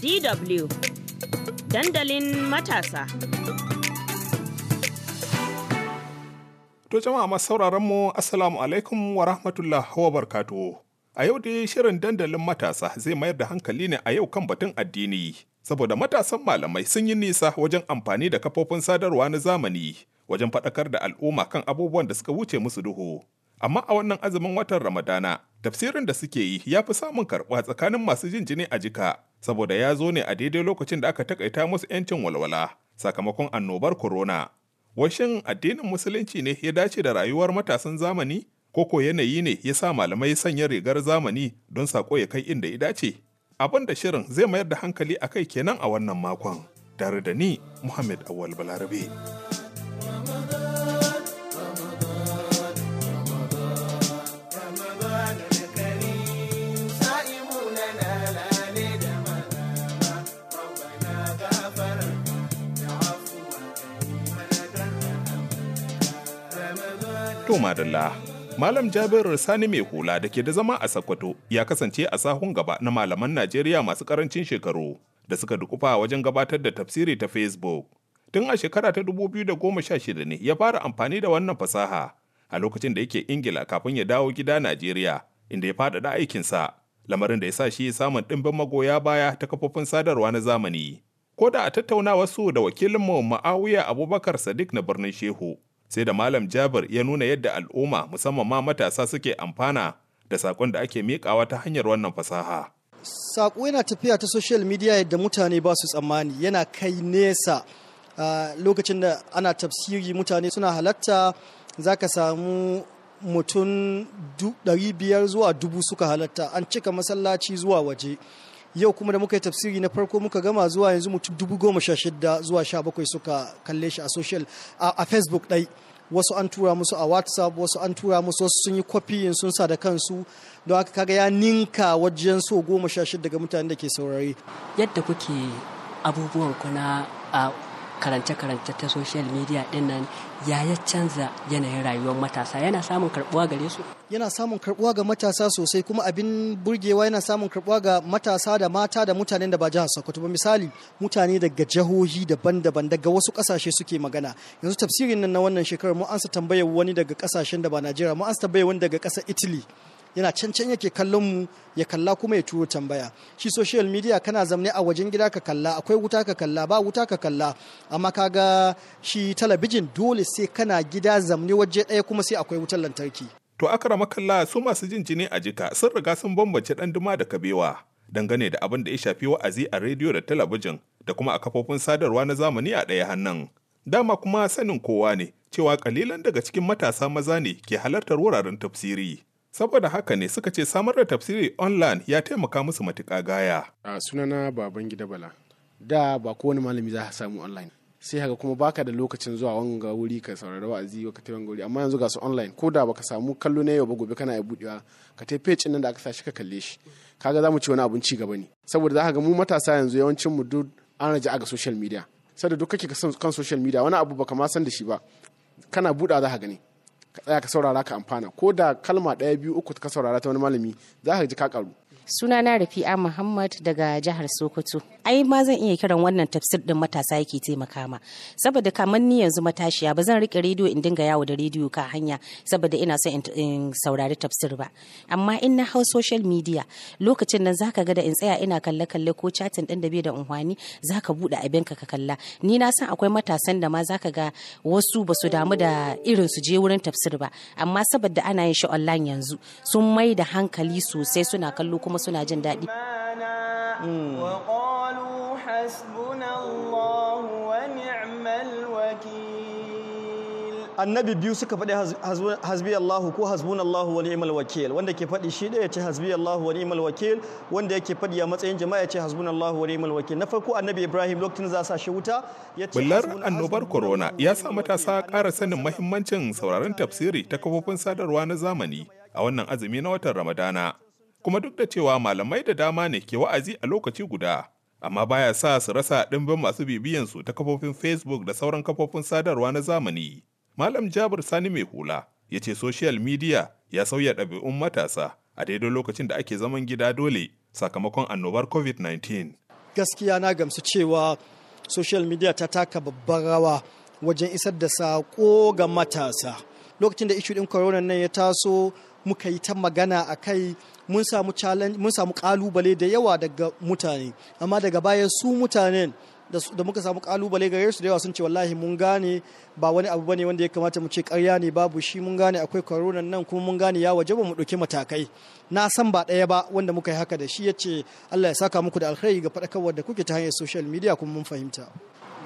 DW dandalin matasa. To jama'a masu sauraron mu Assalamu alaikum wa rahmatullah wa barkatu. A yau dai shirin dandalin matasa zai mayar da hankali ne a yau kan batun addini. Saboda matasan malamai sun yi nisa wajen amfani da kafofin sadarwa na zamani wajen faɗakar da al'umma kan abubuwan da suka wuce musu duhu. amma a wannan azumin watan Ramadana, tafsirin da suke yi ya fi samun karɓa tsakanin masu jin jini a jika saboda ya zo ne a daidai lokacin da aka takaita musu 'yancin walwala sakamakon annobar corona. Washin addinin musulunci ne ya dace da rayuwar matasan zamani koko yanayi ne ya sa malamai sanya rigar zamani don sako ya kai inda ya dace. Abin da shirin zai mayar da hankali a kai kenan a wannan makon. Tare da ni Muhammad Awal Balarabe. To madalla, Malam Jabir Sani mai hula da ke da zama a Sokoto ya kasance a sahun gaba na malaman Najeriya masu karancin shekaru da suka dukufa wajen gabatar da tafsiri ta Facebook. Tun a shekara ta dubu biyu da goma sha shida ne ya fara amfani da wannan fasaha a lokacin da yake Ingila kafin ya dawo gida Najeriya inda ya faɗaɗa aikinsa, lamarin da ya sa shi samun ɗimbin magoya baya ta kafofin sadarwa na zamani. Ko da a tattaunawa su da wakilinmu Ma'awiya Abubakar Sadiq na birnin Shehu, sai da malam jabir ya nuna yadda al'umma musamman ma matasa suke amfana da sakon da ake miƙawa ta hanyar wannan fasaha sako yana tafiya ta social media yadda mutane ba su tsammani yana kai nesa uh, lokacin da ana tafsiri mutane suna halatta za ka samu mutum 500 zuwa dubu suka halatta an cika masallaci zuwa waje yau kuma da muka yi tafsiri na farko muka gama zuwa yanzu mutum 16 zuwa 17 suka kalle shi a social a facebook ɗai wasu an tura musu a whatsapp wasu an tura musu wasu sun yi kwafiyin sun sa da kansu don haka kaga ya ninka wajen so goma sha shida daga mutanen da ke saurari yadda kuke abubuwan ku na ah, karance-karance ta social media din nan ya ya canza yanayin rayuwar matasa yana samun karbuwa gare su yana samun karbuwa ga matasa sosai kuma abin burgewa yana samun karbuwa ga matasa da mata da mutanen da ba jihar Sokoto ba misali mutane daga jihohi daban-daban daga wasu kasashe suke magana yanzu tafsirin nan na wannan shekarar mu sa tambayar wani daga kasashen da ba Najeriya mu ansa tambayar wani daga kasar Italy yana cancan yake kallon mu ya kalla kuma ya turo tambaya shi social media kana zamne a wajen gida ka kalla akwai wuta ka kalla ba wuta ka kalla amma kaga shi talabijin dole sai kana gida zamne waje ɗaya kuma sai akwai wutar lantarki to akara kalla su masu jin jini a jika sun riga sun bambance dan duma da kabewa dangane da abin da ya shafi wa'azi a rediyo da talabijin da kuma a kafofin sadarwa na zamani a ɗaya hannun dama kuma sanin kowa ne cewa kalilan daga cikin matasa maza ne ke halartar wuraren tafsiri saboda haka ne suka ce samar da tafsiri online ya taimaka musu matuƙa gaya a sunana baban gida bala da ba kowane malami za ka samu online sai haka kuma baka da lokacin zuwa wanga wuri ka saurari wa'azi ka taimaka wuri amma yanzu ga su online ko da baka samu kallo na yau ba gobe kana ya budewa ka ta page nan da aka sa shi ka kalle shi kaga zamu ci wani abun ci gaba ne saboda za ga mu matasa yanzu yawancin mu duk an raja ga social media sai da duk kake kan social media wani abu baka ma san da shi ba kana buɗa za ka gani ka tsaya ka saurara ka amfana ko da kalma ɗaya biyu uku ka saurara ta wani malami za ka ji ka karu sunana Rafi'a Muhammad daga jihar Sokoto. Ai ma zan iya kiran wannan tafsir din matasa yake taimaka ma. Saboda kamar ni yanzu matashiya ba zan rike rediyo in dinga yawo da rediyo ka hanya saboda ina son in saurari tafsir ba. Amma in na hau social media lokacin nan zaka ga da in tsaya ina kalle kalle ko chatin din da bai da unhwani zaka bude abin ka ka kalla. Ni na san akwai matasan da ma zaka ga wasu ba su damu da irin su je wurin tafsir ba. Amma saboda ana yin shi online yanzu sun mai da hankali sosai suna kallo kuma suna jin daɗi hmm. annabi biyu suka faɗi hasbi Allah ko hasbun Allah wa ni'mal wakil wanda ke faɗi shi ɗaya ce hasbi Allah wa ni'mal wakil wanda yake faɗi a matsayin jama'a ce hasbun Allah wa ni'mal wakil na farko annabi Ibrahim lokacin za sa shi wuta ya ce bullar annobar corona ya sa matasa ƙara sanin mahimmancin sauraron tafsiri ta kafofin sadarwa na zamani a wannan azumi na watan Ramadana kuma duk da cewa malamai da dama ne ke wa'azi a lokaci guda amma baya sa su rasa ɗimbin masu bibiyan su ta kafofin facebook da sauran kafofin sadarwa na zamani malam jabir sani mai hula ya ce social media ya sauya ɗabi'un matasa a daidai lokacin da ake zaman gida dole sakamakon annobar covid-19 gaskiya na gamsu cewa social media ta taka babbar rawa wajen isar da saƙo ga matasa lokacin da ishu din corona nan ya taso muka yi ta magana a kai mun samu kalubale da yawa daga mutane amma daga baya su mutanen da muka samu kalubale gare su da yawa sun ce wallahi mun gane ba wani abu bane wanda ya kamata mu ce karya ne babu shi mun gane akwai corona nan kuma mun gane ya waje ba mu dauki matakai na san ba ɗaya ba wanda muka yi haka da shi ya ce Allah ya saka muku da alkhairi ga faɗakarwar da kuke ta hanyar social media kuma mun fahimta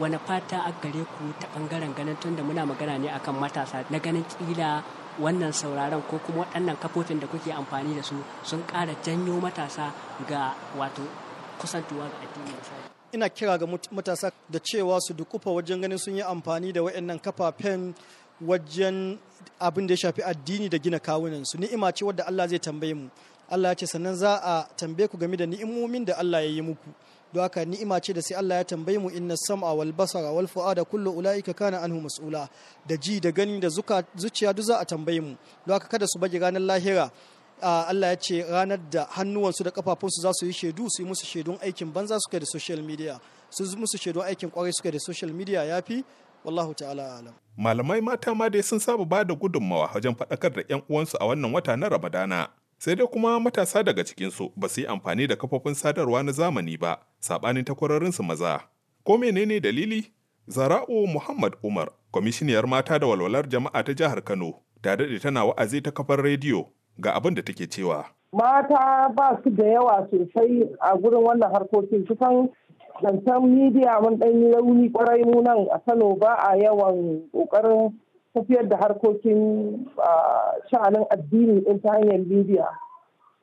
wani fata a gare ku ta bangaren ganin tunda muna magana ne akan matasa na ganin kila wannan sauraron ko kuma waɗannan kafofin da kuke amfani da su sun ƙara janyo matasa ga wato kusantuwa ga addinin ina kira ga matasa da cewa su dukufa wajen ganin sun yi amfani da waɗannan kafafen wajen abin da ya shafi addini da gina kawunansu ni'ima ce wadda Allah zai tambaye mu Allah ya ce sannan za a tambaye ku game da ni'imomin da Allah ya yi muku don haka ni'ima ce da sai Allah ya tambaye mu inna sam'a wal basara wal fu'ada kullu ulaika kana anhu mas'ula da ji da gani da zuka zuciya duk za a tambaye mu don haka kada su bage ranar lahira Allah ya ce ranar da hannuwansu da kafafunsu za su yi shaidu su yi musu shaidun aikin banza suka da social media su musu shaidun aikin kwarai suka da social media yafi wallahu ta'ala alam malamai mata ma dai sun saba bada da gudunmawa wajen faɗakar da 'yan uwansu a wannan wata na ramadana sai dai kuma matasa daga cikinsu ba su yi amfani da kafofin sadarwa na zamani ba saɓanin takwarorinsu maza ko menene dalili zara'u muhammad umar kwamishiniyar mata da walwalar jama'a ta jihar kano ta daɗe tana wa'azi ta kafar rediyo ga abin da take cewa mata ba su da yawa sosai a gurin wannan harkokin kusan zancen midiya mun ɗan yi rauni kwarai mu nan a kano ba a yawan ƙoƙarin tafiyar da harkokin sha'anin addini in ta hanyar libya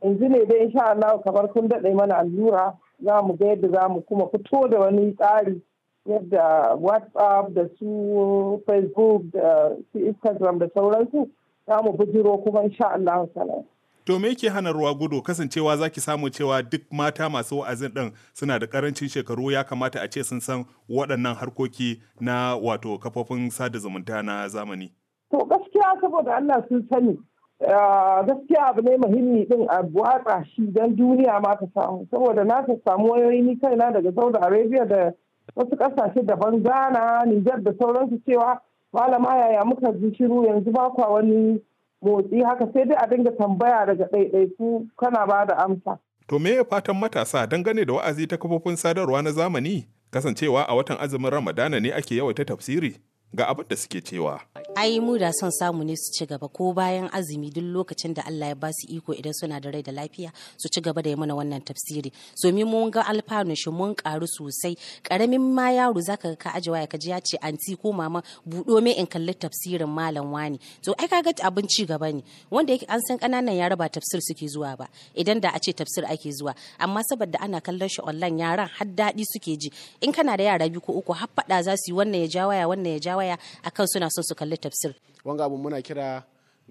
yanzu ne dai insha Allah kamar kun daɗe mana allura za mu ga yadda za mu kuma fito da wani tsari yadda whatsapp da su facebook da su instagram da sauransu za mu bijiro kuma insha Allah sanar. to me yake hana ruwa gudu kasancewa zaki samu cewa duk mata masu wa'azin din suna da karancin shekaru ya kamata a ce sun san waɗannan harkoki na wato kafofin sada zumunta na zamani to gaskiya saboda Allah sun sani eh, gaskiya abu ne muhimmi din a watsa shi don duniya ma ta samu saboda na ta samu wayoyi ni kaina daga Saudi Arabia da wasu kasashe daban Ghana Nijar da sauransu cewa malama yaya muka ji shiru yanzu ba kwa wani motsi haka sai dai a dinga tambaya daga ɗaiɗaiku kana ba da amsa. To me ya fatan matasa dangane da wa'azi ta kafofin sadarwa na zamani kasancewa a watan azumin Ramadana ne ake yawaita tafsiri? ga abin da suke cewa. Ai mu da son samu ne su ci gaba ko bayan azumi duk lokacin da Allah ya ba su iko idan suna da rai da lafiya su ci gaba da yi mana wannan tafsiri. So mi mun ga alfanu shi mun karu sosai. Karamin ma yaro zaka ka aje waya ka ji ya ce anti ko mama budo me in kalli tafsirin malam wani. To ai kaga abin ci gaba ne wanda yake an san kananan yara ba tafsir suke zuwa ba idan da a ce tafsir ake zuwa amma saboda ana kallon shi online yaran har daɗi suke ji in kana da yara biyu ko uku har faɗa za su yi wannan ya ja waya wannan ya ja waya akan suna son su kalli tafsir wanga abu muna kira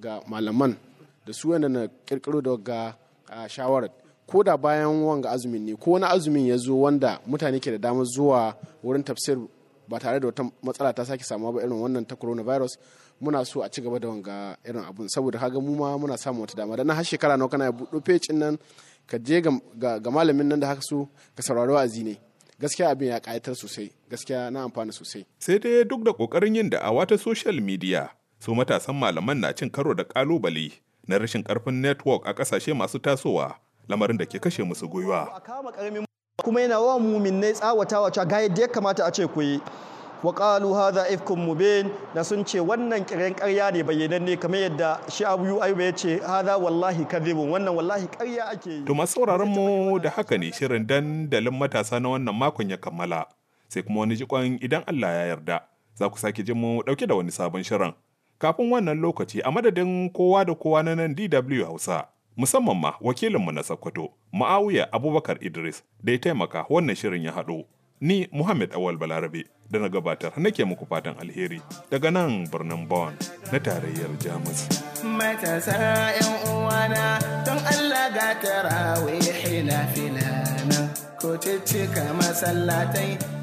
ga malaman da su yana na kirkiro da ga shawarar ko da bayan wanga azumin ne ko wani azumin ya zo wanda mutane ke da damar zuwa wurin tafsir ba tare da wata matsala ta sake samuwa ba irin wannan ta coronavirus muna so a ci gaba da wanga irin abun saboda kaga mu ma muna samun wata dama na har shekara nawa kana buɗo page nan ka je ga malamin nan da haka so ka saurari wa'azi ne gaskiya abin ya ƙayatar sosai gaskiya na amfana sosai sai dai duk da ƙoƙarin yin da'awa ta social media su matasan malaman na cin karo da ƙalubale na rashin ƙarfin network a ƙasashe masu tasowa lamarin da ke kashe musu gwiwa kuma yana wa mumin ne tsawatawa ga yadda ya kamata a ce ku yi waƙalu haza ifkun ifkum mubin da sun ce wannan kiran karya ne ne kamar yadda shi Abu ayuba ya ce haza wallahi kadhibun wannan wallahi karya ake yi tuma sauraron mu da haka ne shirin dandalin matasa na wannan makon ya kammala sai kuma wani jikon idan Allah ya yarda za ku sake jin mu dauke da wani sabon shirin kafin wannan lokaci a madadin kowa da kowa na nan DW Hausa musamman ma wakilinmu na Sokoto Ma'awiya Abubakar Idris da ya taimaka wannan shirin ya haɗo ni Muhammad Awal Balarabe da na gabatar nake muku fatan alheri daga nan birnin Bonn na tarayyar Jamus. Matasa 'yan uwana don Allah ga tarawe hina filana ko cika masallatai